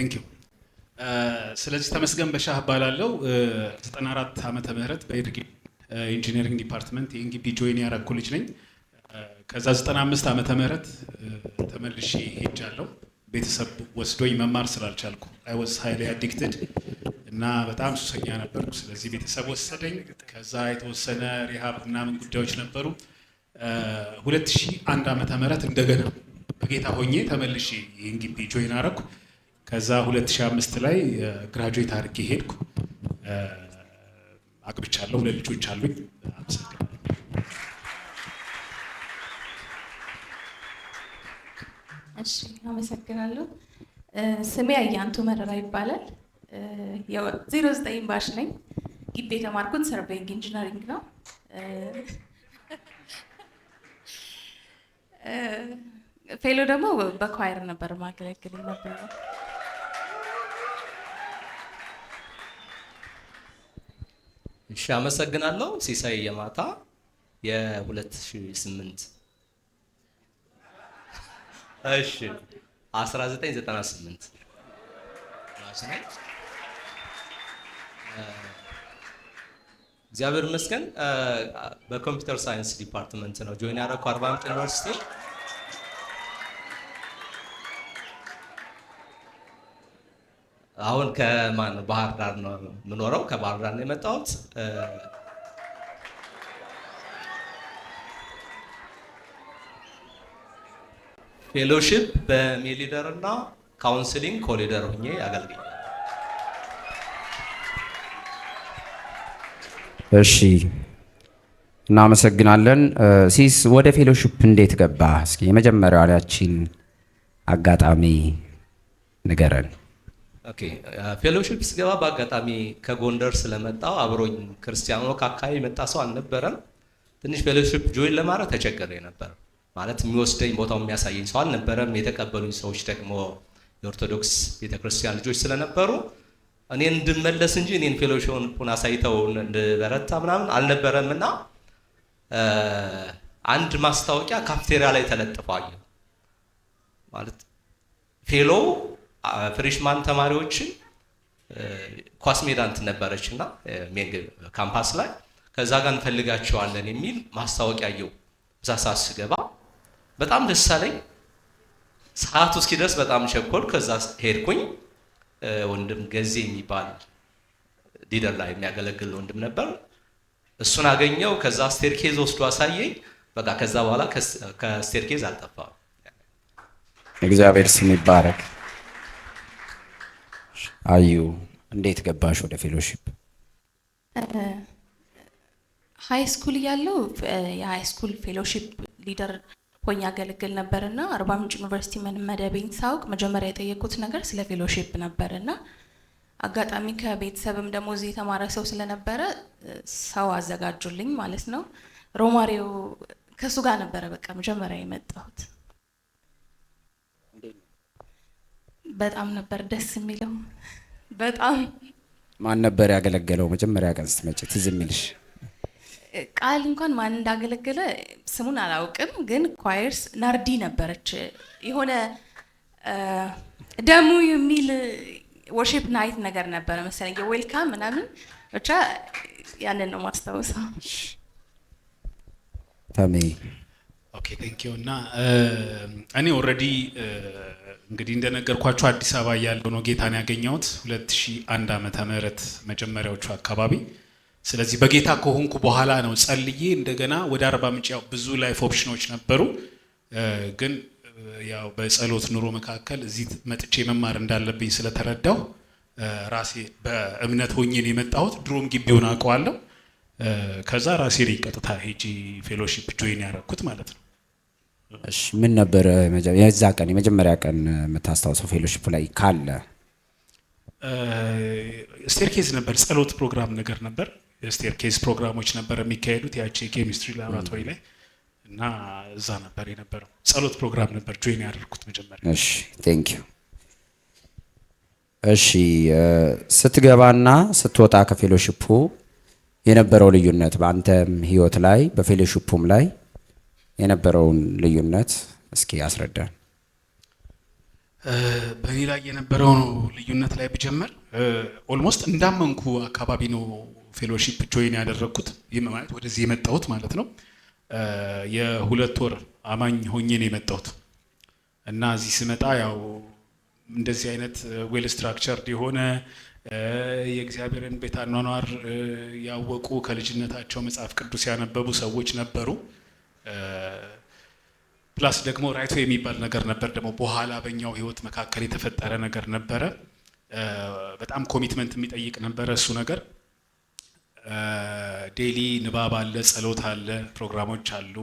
ቴንክ ዩ። uh, ስለዚህ ተመስገን በሻህ እባላለሁ። 94 uh, ዓመተ ምህረት በኢድሪ uh, ኢንጂነሪንግ ዲፓርትመንት የኢንግቢ ጆይን ያረኩ ልጅ ነኝ። ከዛ 95 ዓመተ ምህረት ተመልሼ ሄጃለሁ። ቤተሰብ ወስዶኝ መማር ስላልቻልኩ አይ ወዝ ሃይሊ አዲክትድ እና በጣም ሱሰኛ ነበርኩ። ስለዚህ ቤተሰብ ወሰደኝ። ከዛ የተወሰነ ሪሃብ ምናምን ጉዳዮች ነበሩ። 2001 ዓመተ ምህረት እንደገና በጌታ ሆኜ ተመልሼ ይህን ግቢ ጆይን አረኩ። ከዛ 2005 ላይ ግራጁዌት አድርጌ ሄድኩ። አግብቻለሁ፣ ሁለት ልጆች አሉኝ። እሺ፣ አመሰግናለሁ። ስሜ አያንቱ መረራ ይባላል። ዜሮ ዘጠኝ ባሽ ነኝ። ግቢ የተማርኩት ሰርቬይንግ ኢንጂነሪንግ ነው። ፌሎ ደግሞ በኳየር ነበር ማገለግል ነበረ። እሺ አመሰግናለሁ። ሲሳይ የማታ የ2008 እሺ 1998 እግዚአብሔር ይመስገን በኮምፒውተር ሳይንስ ዲፓርትመንት ነው ጆይን ያደረኩ አርባ ምንጭ ዩኒቨርሲቲ አሁን ከማን ባህር ዳር ነው የምኖረው። ከባህር ዳር ነው የመጣሁት። ፌሎሺፕ በሚሊደር እና ካውንስሊንግ ኮሊደር ሁኜ አገልግያለሁ። እሺ፣ እናመሰግናለን። ሲስ ወደ ፌሎሺፕ እንዴት ገባ? እስኪ የመጀመሪያ ያችን አጋጣሚ ንገረን። ኦኬ ፌሎሺፕ ስገባ በአጋጣሚ ከጎንደር ስለመጣው አብሮኝ ክርስቲያኖ ከአካባቢ የመጣ ሰው አልነበረም። ትንሽ ፌሎሺፕ ጆይን ለማድረግ ተቸገረ ነበር። ማለት የሚወስደኝ ቦታው የሚያሳየኝ ሰው አልነበረም። የተቀበሉኝ ሰዎች ደግሞ የኦርቶዶክስ ቤተክርስቲያን ልጆች ስለነበሩ እኔን እንድመለስ እንጂ እኔን ፌሎሺፑን አሳይተው እንድበረታ ምናምን አልነበረም እና አንድ ማስታወቂያ ካፍቴሪያ ላይ ተለጥፏል ማለት ፌሎው ፍሬሽማን ተማሪዎችን ኳስ ሜዳ እንትን ነበረች እና ካምፓስ ላይ ከዛ ጋር እንፈልጋቸዋለን የሚል ማስታወቂያ የው እዛ ሰዓት ስገባ በጣም ደስ አለኝ። ሰዓቱ እስኪደርስ በጣም ቸኮል። ከዛ ሄድኩኝ። ወንድም ገዜ የሚባል ሊደር ላይ የሚያገለግል ወንድም ነበር። እሱን አገኘው። ከዛ ስቴርኬዝ ወስዶ አሳየኝ። በቃ ከዛ በኋላ ከስቴርኬዝ አልጠፋም። እግዚአብሔር ስም ይባረክ። አዩ እንዴት ገባሽ ወደ ፌሎሺፕ? ሀይ ስኩል እያለው የሀይ ስኩል ፌሎሺፕ ሊደር ሆኜ ያገለግል ነበር እና አርባ ምንጭ ዩኒቨርሲቲ መመደቤን ሳውቅ መጀመሪያ የጠየቁት ነገር ስለ ፌሎሺፕ ነበር እና አጋጣሚ ከቤተሰብም ደግሞ እዚህ የተማረ ሰው ስለነበረ ሰው አዘጋጁልኝ ማለት ነው። ሮማሪዮ ከእሱ ጋር ነበረ በቃ መጀመሪያ የመጣሁት። በጣም ነበር ደስ የሚለው። በጣም ማን ነበር ያገለገለው? መጀመሪያ ቀን ስትመጪ ትዝ የሚልሽ ቃል እንኳን ማን እንዳገለገለ ስሙን አላውቅም፣ ግን ኳየርስ ናርዲ ነበረች። የሆነ ደሙ የሚል ወርሺፕ ናይት ነገር ነበረ መሰለኝ፣ የዌልካም ምናምን ብቻ ያንን ነው ማስታወሰው። ታሜ ኦኬ ቴንኪው እና እኔ ኦልሬዲ እንግዲህ እንደነገርኳችሁ አዲስ አበባ እያለሁ ነው ጌታን ያገኘሁት 2001 ዓመተ ምህረት መጀመሪያዎቹ አካባቢ። ስለዚህ በጌታ ከሆንኩ በኋላ ነው ጸልዬ እንደገና ወደ አርባ ምንጭ። ያው ብዙ ላይፍ ኦፕሽኖች ነበሩ፣ ግን ያው በጸሎት ኑሮ መካከል እዚህ መጥቼ መማር እንዳለብኝ ስለተረዳሁ ራሴ በእምነት ሆኜን የመጣሁት ድሮም ግቢውን አውቀዋለሁ። ከዛ ራሴ ቀጥታ ሄጂ ፌሎሺፕ ጆይን ያደረኩት ማለት ነው። እሺ ምን ነበር የዛ ቀን የመጀመሪያ ቀን የምታስታውሰው ፌሎሺፕ ላይ ካለ? ስቴርኬዝ ነበር፣ ጸሎት ፕሮግራም ነገር ነበር። ስቴርኬዝ ፕሮግራሞች ነበር የሚካሄዱት ያቺ ኬሚስትሪ ላብራቶሪ ላይ እና እዛ ነበር የነበረው ጸሎት ፕሮግራም ነበር ጆይን ያደርኩት መጀመሪያ። እሺ ቴንክ ዩ። እሺ ስትገባና ስትወጣ ከፌሎሺፑ የነበረው ልዩነት በአንተም ህይወት ላይ በፌሎሺፑም ላይ የነበረውን ልዩነት እስኪ አስረዳን። በእኔ ላይ የነበረው ልዩነት ላይ ብጀምር ኦልሞስት እንዳመንኩ አካባቢ ነው ፌሎሺፕ ጆይን ያደረግኩት ማለት ወደዚህ የመጣሁት ማለት ነው። የሁለት ወር አማኝ ሆኜ ነው የመጣሁት እና እዚህ ስመጣ ያው እንደዚህ አይነት ዌል ስትራክቸርድ የሆነ የእግዚአብሔርን ቤት አኗኗር ያወቁ ከልጅነታቸው መጽሐፍ ቅዱስ ያነበቡ ሰዎች ነበሩ። ፕላስ ደግሞ ራይቶ የሚባል ነገር ነበር። ደግሞ በኋላ በኛው ህይወት መካከል የተፈጠረ ነገር ነበረ። በጣም ኮሚትመንት የሚጠይቅ ነበረ እሱ ነገር። ዴሊ ንባብ አለ፣ ጸሎት አለ፣ ፕሮግራሞች አሉ።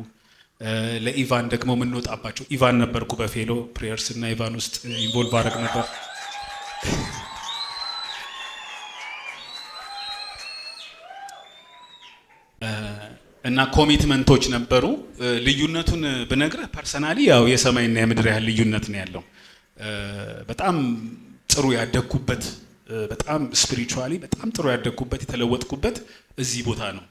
ለኢቫን ደግሞ የምንወጣባቸው ኢቫን ነበርኩ በፌሎ ፕሬየርስ እና ኢቫን ውስጥ ኢንቮልቭ አደረግ ነበር እና ኮሚትመንቶች ነበሩ። ልዩነቱን ብነግረ ፐርሰናሊ ያው የሰማይና የምድር ያህል ልዩነት ነው ያለው። በጣም ጥሩ ያደግኩበት በጣም ስፒሪቹዋሊ በጣም ጥሩ ያደግኩበት የተለወጥኩበት እዚህ ቦታ ነው።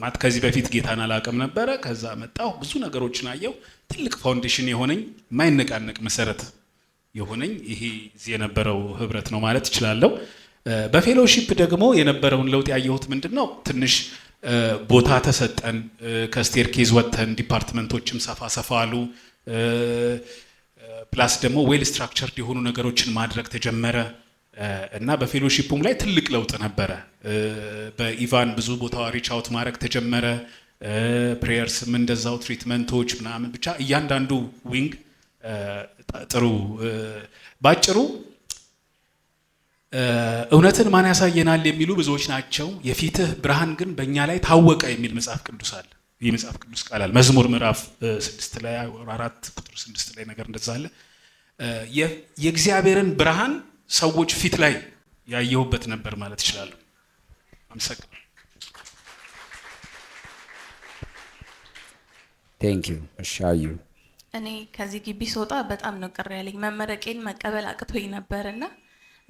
ማት ከዚህ በፊት ጌታን አላቅም ነበረ። ከዛ መጣሁ፣ ብዙ ነገሮችን አየሁ። ትልቅ ፋውንዴሽን የሆነኝ ማይነቃነቅ መሰረት የሆነኝ ይሄ እዚህ የነበረው ህብረት ነው ማለት እችላለሁ። በፌሎሺፕ ደግሞ የነበረውን ለውጥ ያየሁት ምንድን ነው ትንሽ ቦታ ተሰጠን። ከስቴርኬዝ ወጥተን ዲፓርትመንቶችም ሰፋ ሰፋ አሉ። ፕላስ ደግሞ ዌል ስትራክቸርድ የሆኑ ነገሮችን ማድረግ ተጀመረ እና በፌሎሺፑም ላይ ትልቅ ለውጥ ነበረ። በኢቫን ብዙ ቦታ ሪች አውት ማድረግ ተጀመረ። ፕሬየርስም እንደዛው ትሪትመንቶች ምናምን ብቻ እያንዳንዱ ዊንግ ጥሩ ባጭሩ እውነትን ማን ያሳየናል የሚሉ ብዙዎች ናቸው፣ የፊትህ ብርሃን ግን በእኛ ላይ ታወቀ የሚል መጽሐፍ ቅዱስ አለ። ይህ መጽሐፍ ቅዱስ ቃል አለ መዝሙር ምዕራፍ ስድስት ላይ አራት ቁጥር ስድስት ላይ ነገር እንደዛ አለ። የእግዚአብሔርን ብርሃን ሰዎች ፊት ላይ ያየሁበት ነበር ማለት ይችላሉ። አመሰግናለሁ። ቴንክዩ። እሻዩ እኔ ከዚህ ግቢ ስወጣ በጣም ነው ቅር ያለኝ መመረቄን መቀበል አቅቶኝ ነበርና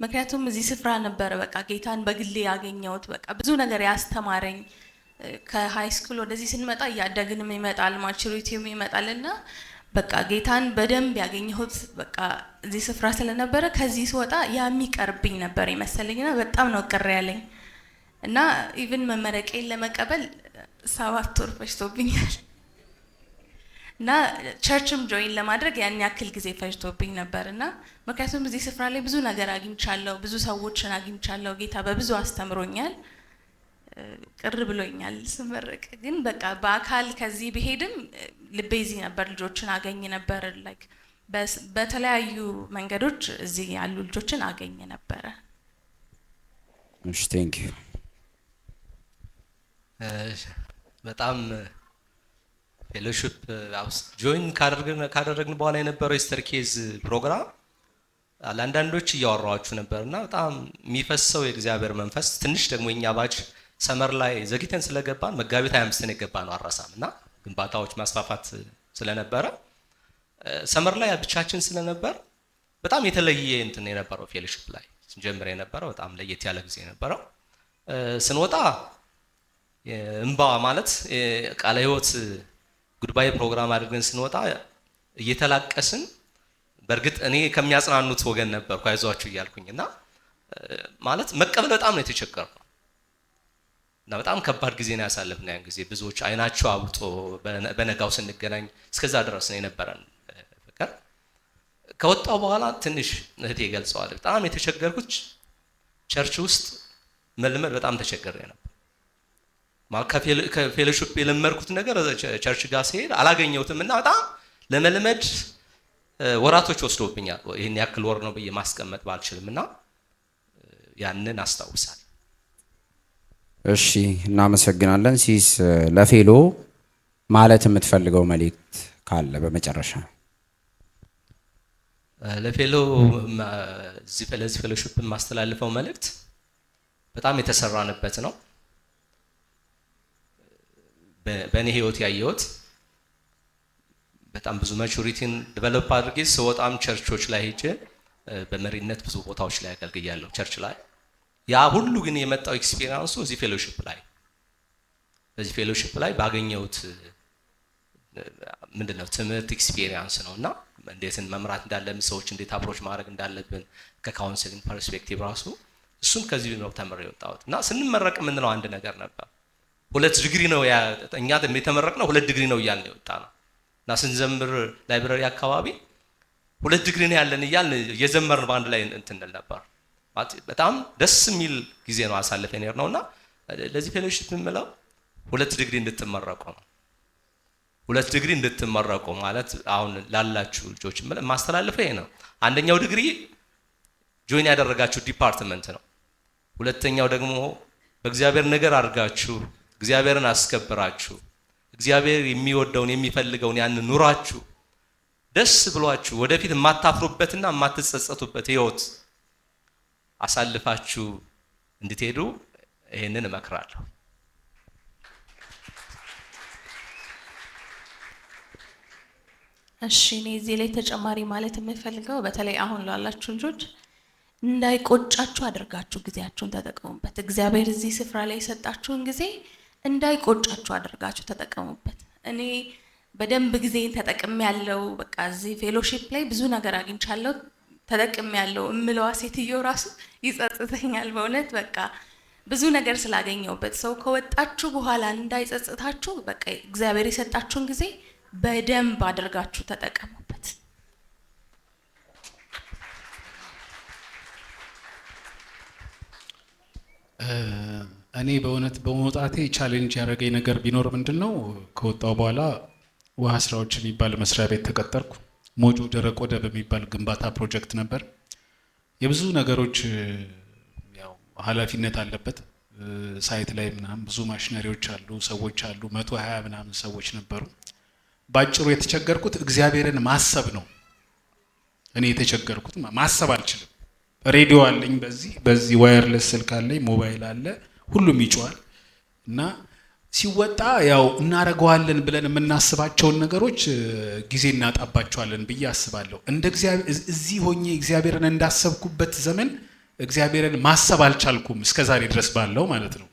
ምክንያቱም እዚህ ስፍራ ነበረ በቃ ጌታን በግሌ ያገኘሁት። በቃ ብዙ ነገር ያስተማረኝ ከሃይ ስኩል ወደዚህ ስንመጣ እያደግንም ይመጣል ማቹሪቲውም ይመጣል እና በቃ ጌታን በደንብ ያገኘሁት በቃ እዚህ ስፍራ ስለነበረ ከዚህ ስወጣ የሚቀርብኝ ነበር ይመሰለኝ ና በጣም ነው ቅር ያለኝ እና ኢቭን መመረቄን ለመቀበል ሰባት ወር ፈጅቶብኛል። እና ቸርችም ጆይን ለማድረግ ያን ያክል ጊዜ ፈጅቶብኝ ነበር እና ምክንያቱም እዚህ ስፍራ ላይ ብዙ ነገር አግኝቻለሁ፣ ብዙ ሰዎችን አግኝቻለሁ። ጌታ በብዙ አስተምሮኛል። ቅር ብሎኛል ስመረቅ። ግን በቃ በአካል ከዚህ ብሄድም ልቤ እዚህ ነበር። ልጆችን አገኝ ነበር፣ ላይክ በተለያዩ መንገዶች እዚህ ያሉ ልጆችን አገኝ ነበረ። ቴንክ በጣም ፌሎሺፕ ጆይን uh, ካደረግን በኋላ የነበረው የስተር ኬዝ ፕሮግራም ለአንዳንዶች እያወራኋችሁ ነበር እና በጣም የሚፈሰው የእግዚአብሔር መንፈስ ትንሽ ደግሞ የኛ ባች ሰመር ላይ ዘግይተን ስለገባን መጋቢት ሀያ አምስትን የገባ ነው አረሳም እና ግንባታዎች ማስፋፋት ስለነበረ uh, ሰመር ላይ ብቻችን ስለነበር በጣም የተለየ እንትን የነበረው ፌሎሺፕ ላይ ስንጀምር የነበረው በጣም ለየት ያለ ጊዜ የነበረው uh, ስንወጣ እንባ ማለት ቃለ ህይወት ጉድባይ ፕሮግራም አድርገን ስንወጣ እየተላቀስን በእርግጥ እኔ ከሚያጽናኑት ወገን ነበርኩ፣ አይዟችሁ እያልኩኝ እና ማለት መቀበል በጣም ነው የተቸገርኩ እና በጣም ከባድ ጊዜ ነው ያሳለፍን። ያን ጊዜ ብዙዎች አይናቸው አብጦ በነጋው ስንገናኝ እስከዛ ድረስ ነው የነበረን ፍቅር። ከወጣው በኋላ ትንሽ እህቴ ገልጸዋል። በጣም የተቸገርኩች ቸርች ውስጥ መልመድ በጣም ተቸገረ ነበር። ከፌሎሽፕ የለመድኩት ነገር ቸርች ጋር ሲሄድ አላገኘሁትም እና በጣም ለመልመድ ወራቶች ወስዶብኛል። ይህን ያክል ወር ነው ብዬ ማስቀመጥ ባልችልም እና ያንን አስታውሳል። እሺ እናመሰግናለን። ሲስ ለፌሎ ማለት የምትፈልገው መልእክት ካለ በመጨረሻ ለፌሎ ለዚህ ፌሎሽፕ የማስተላልፈው መልእክት በጣም የተሰራንበት ነው። በእኔ ህይወት ያየሁት በጣም ብዙ መቹሪቲን ዲቨሎፕ አድርጌ ስወጣም ቸርቾች ላይ ሄጄ በመሪነት ብዙ ቦታዎች ላይ አገልግያለሁ ቸርች ላይ። ያ ሁሉ ግን የመጣው ኤክስፒሪንሱ እዚህ ፌሎሺፕ ላይ በዚህ ፌሎሺፕ ላይ ባገኘሁት ምንድነው ትምህርት ኤክስፒሪንስ ነው እና እንዴትን መምራት እንዳለብን ሰዎች እንዴት አፕሮች ማድረግ እንዳለብን ከካውንስሊንግ ፐርስፔክቲቭ ራሱ እሱን ከዚህ ነው ተምሬ የወጣሁት እና ስንመረቅ የምንለው አንድ ነገር ነበር ሁለት ዲግሪ ነው እኛ የተመረቅነው ሁለት ዲግሪ ነው እያልን የወጣ ነው እና ስንዘምር ላይብረሪ አካባቢ ሁለት ዲግሪ ነው ያለን እያልን እየዘመርን በአንድ ላይ እንትንል ነበር። በጣም ደስ የሚል ጊዜ ነው አሳልፈ ኔር ነው እና ለዚህ ፌሎሺፕ የምለው ሁለት ዲግሪ እንድትመረቁ ነው። ሁለት ዲግሪ እንድትመረቁ ማለት አሁን ላላችሁ ልጆች ማስተላለፈው ይሄ ነው። አንደኛው ዲግሪ ጆይን ያደረጋችሁ ዲፓርትመንት ነው። ሁለተኛው ደግሞ በእግዚአብሔር ነገር አድርጋችሁ እግዚአብሔርን አስከብራችሁ እግዚአብሔር የሚወደውን የሚፈልገውን ያን ኑራችሁ ደስ ብሏችሁ ወደፊት የማታፍሩበትና የማትጸጸቱበት ህይወት አሳልፋችሁ እንድትሄዱ ይህንን እመክራለሁ። እሺ እኔ እዚህ ላይ ተጨማሪ ማለት የምፈልገው በተለይ አሁን ላላችሁ ልጆች እንዳይቆጫችሁ አድርጋችሁ ጊዜያችሁን ተጠቅሙበት። እግዚአብሔር እዚህ ስፍራ ላይ የሰጣችሁን ጊዜ እንዳይቆጫችሁ አድርጋችሁ ተጠቀሙበት። እኔ በደንብ ጊዜን ተጠቅም ያለው በቃ እዚህ ፌሎሺፕ ላይ ብዙ ነገር አግኝቻለሁ ተጠቅም ያለው እምለዋ ሴትዮ ራሱ ይጸጽተኛል። በእውነት በቃ ብዙ ነገር ስላገኘውበት ሰው ከወጣችሁ በኋላ እንዳይጸጽታችሁ በቃ እግዚአብሔር የሰጣችሁን ጊዜ በደንብ አድርጋችሁ ተጠቀሙበት። እኔ በእውነት በመውጣቴ ቻሌንጅ ያደረገኝ ነገር ቢኖር ምንድን ነው፣ ከወጣው በኋላ ውሃ ስራዎች የሚባል መስሪያ ቤት ተቀጠርኩ። ሞጆ ደረቅ ወደብ የሚባል ግንባታ ፕሮጀክት ነበር። የብዙ ነገሮች ኃላፊነት አለበት። ሳይት ላይ ምናምን ብዙ ማሽነሪዎች አሉ፣ ሰዎች አሉ። መቶ ሀያ ምናምን ሰዎች ነበሩ። በአጭሩ የተቸገርኩት እግዚአብሔርን ማሰብ ነው። እኔ የተቸገርኩት ማሰብ አልችልም። ሬዲዮ አለኝ፣ በዚህ በዚህ ዋየርለስ ስልክ አለኝ፣ ሞባይል አለ ሁሉም ይጮሃል እና ሲወጣ ያው እናደርገዋለን ብለን የምናስባቸውን ነገሮች ጊዜ እናጣባቸዋለን ብዬ አስባለሁ። እንደ እዚህ ሆኜ እግዚአብሔርን እንዳሰብኩበት ዘመን እግዚአብሔርን ማሰብ አልቻልኩም እስከዛሬ ድረስ ባለው ማለት ነው።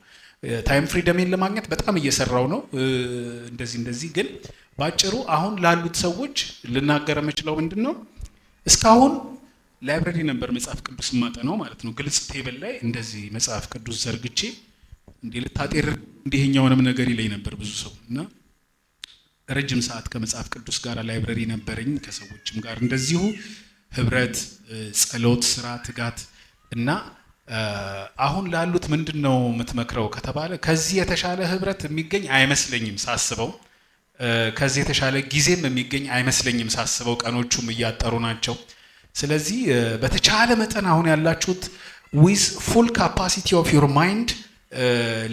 ታይም ፍሪደሜን ለማግኘት በጣም እየሰራው ነው። እንደዚህ እንደዚህ ግን ባጭሩ አሁን ላሉት ሰዎች ልናገር የምችለው ምንድን ነው እስካሁን ላይብረሪ ነበር መጽሐፍ ቅዱስ ማጠ ነው ማለት ነው። ግልጽ ቴብል ላይ እንደዚህ መጽሐፍ ቅዱስ ዘርግቼ እንዴ ልታጤር እንዲህኛውንም ነገር ይለኝ ነበር ብዙ ሰው እና ረጅም ሰዓት ከመጽሐፍ ቅዱስ ጋር ላይብረሪ ነበረኝ። ከሰዎችም ጋር እንደዚሁ ህብረት፣ ጸሎት፣ ስራ፣ ትጋት እና አሁን ላሉት ምንድን ነው የምትመክረው ከተባለ ከዚህ የተሻለ ህብረት የሚገኝ አይመስለኝም ሳስበው። ከዚህ የተሻለ ጊዜም የሚገኝ አይመስለኝም ሳስበው። ቀኖቹም እያጠሩ ናቸው። ስለዚህ በተቻለ መጠን አሁን ያላችሁት ዊዝ ፉል ካፓሲቲ ኦፍ ዩር ማይንድ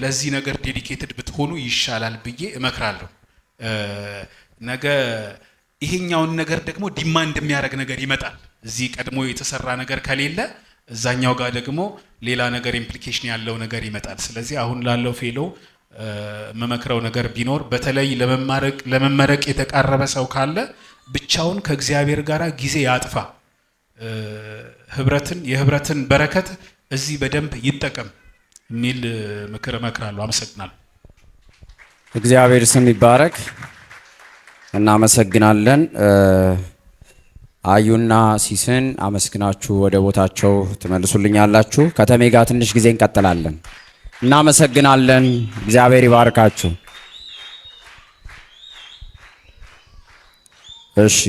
ለዚህ ነገር ዴዲኬትድ ብትሆኑ ይሻላል ብዬ እመክራለሁ። ነገ ይሄኛውን ነገር ደግሞ ዲማንድ የሚያደርግ ነገር ይመጣል። እዚህ ቀድሞ የተሰራ ነገር ከሌለ እዛኛው ጋር ደግሞ ሌላ ነገር ኢምፕሊኬሽን ያለው ነገር ይመጣል። ስለዚህ አሁን ላለው ፌሎ መመክረው ነገር ቢኖር በተለይ ለመመረቅ የተቃረበ ሰው ካለ ብቻውን ከእግዚአብሔር ጋር ጊዜ ያጥፋ። ህብረትን የህብረትን በረከት እዚህ በደንብ ይጠቀም። የሚል ምክር እመክራለሁ። አመሰግናለሁ። እግዚአብሔር ስም ይባረክ። እናመሰግናለን። አዩና ሲስን አመስግናችሁ ወደ ቦታቸው ትመልሱልኛላችሁ። ከተሜ ጋር ትንሽ ጊዜ እንቀጥላለን። እናመሰግናለን። እግዚአብሔር ይባርካችሁ። እሺ